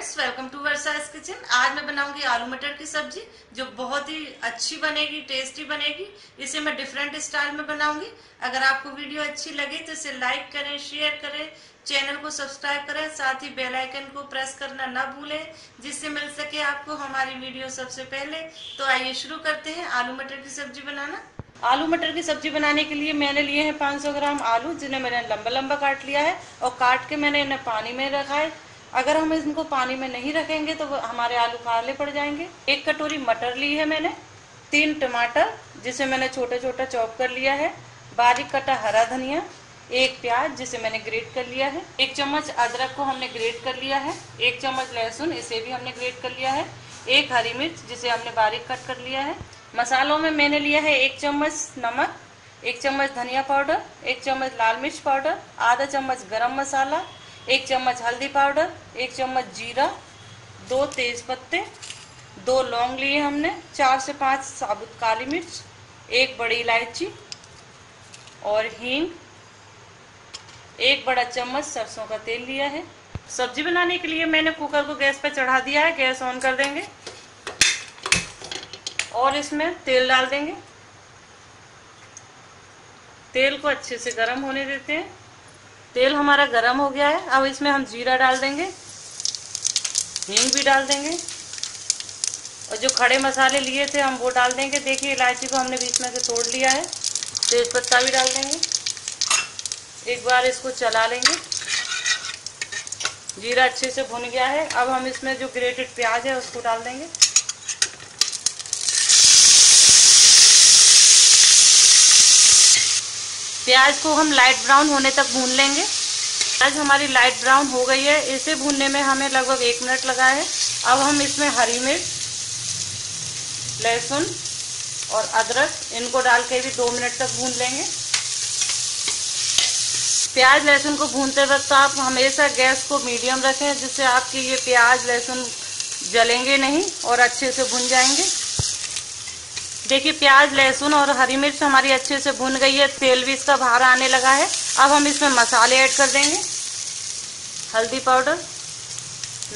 Friends welcome to वर्साइज kitchen आज मैं बनाऊंगी आलू मटर की सब्जी जो बहुत ही अच्छी बनेगी टेस्टी बनेगी इसे मैं डिफरेंट स्टाइल में बनाऊंगी अगर आपको वीडियो अच्छी लगे तो इसे लाइक करें शेयर करें चैनल को सब्सक्राइब करें साथ ही बेल आइकन को प्रेस करना ना भूलें जिससे मिल सके आपको हमारी वीडियो सबसे पहले तो आइए शुरू करते हैं आलू मटर की सब्जी बनाना आलू मटर की सब्जी बनाने के लिए मैंने लिए हैं 500 ग्राम आलू जिन्हें मैंने लंबा लंबा काट लिया है और काट के मैंने इन्हें पानी में रखा है अगर हम इनको पानी में नहीं रखेंगे तो हमारे आलू काले पड़ जाएंगे एक कटोरी मटर ली है मैंने तीन टमाटर जिसे मैंने छोटा छोटा चॉप कर लिया है बारीक कटा हरा धनिया एक प्याज जिसे मैंने ग्रेट कर लिया है एक चम्मच अदरक को हमने ग्रेट कर लिया है एक चम्मच लहसुन इसे भी हमने ग्रेट कर लिया है एक हरी मिर्च जिसे हमने बारीक कट कर लिया है मसालों में मैंने लिया है एक चम्मच नमक एक चम्मच धनिया पाउडर एक चम्मच लाल मिर्च पाउडर आधा चम्मच गरम मसाला एक चम्मच हल्दी पाउडर एक चम्मच जीरा दो तेज पत्ते दो लौंग लिए हमने चार से पांच साबुत काली मिर्च एक बड़ी इलायची और हींग एक बड़ा चम्मच सरसों का तेल लिया है सब्जी बनाने के लिए मैंने कुकर को गैस पर चढ़ा दिया है गैस ऑन कर देंगे और इसमें तेल डाल देंगे तेल को अच्छे से गर्म होने देते हैं तेल हमारा गरम हो गया है अब इसमें हम जीरा डाल देंगे हींग भी डाल देंगे और जो खड़े मसाले लिए थे हम वो डाल देंगे देखिए इलायची को हमने बीच में से तोड़ लिया है तेज पत्ता भी डाल देंगे एक बार इसको चला लेंगे जीरा अच्छे से भुन गया है अब हम इसमें जो ग्रेटेड प्याज है उसको डाल देंगे प्याज को हम लाइट ब्राउन होने तक भून लेंगे प्याज हमारी लाइट ब्राउन हो गई है इसे भूनने में हमें लगभग एक मिनट लगा है अब हम इसमें हरी मिर्च लहसुन और अदरक इनको डाल के भी दो मिनट तक भून लेंगे प्याज लहसुन को भूनते वक्त आप हमेशा गैस को मीडियम रखें जिससे आपकी ये प्याज लहसुन जलेंगे नहीं और अच्छे से भुन जाएंगे देखिए प्याज लहसुन और हरी मिर्च हमारी अच्छे से भून गई है तेल भी इसका बाहर आने लगा है अब हम इसमें मसाले ऐड कर देंगे हल्दी पाउडर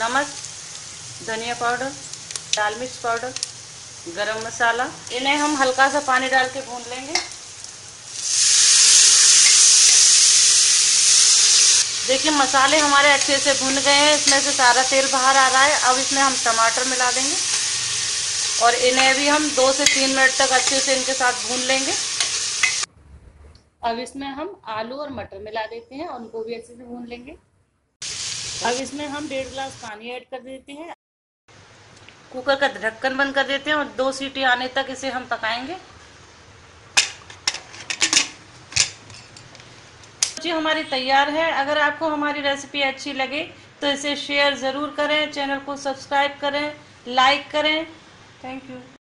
नमक धनिया पाउडर लाल मिर्च पाउडर गरम मसाला इन्हें हम हल्का सा पानी डाल के भून लेंगे देखिए मसाले हमारे अच्छे से भून गए हैं इसमें से सारा तेल बाहर आ रहा है अब इसमें हम टमाटर मिला देंगे और इन्हें भी हम दो से तीन मिनट तक अच्छे से इनके साथ भून लेंगे अब इसमें हम आलू और मटर मिला देते हैं और उनको भी अच्छे से भून लेंगे अब इसमें हम डेढ़ गिलास पानी ऐड कर देते हैं कुकर का ढक्कन बंद कर देते हैं और दो सीटी आने तक इसे हम पकाएंगे जी हमारी तैयार है अगर आपको हमारी रेसिपी अच्छी लगे तो इसे शेयर ज़रूर करें चैनल को सब्सक्राइब करें लाइक करें Thank you.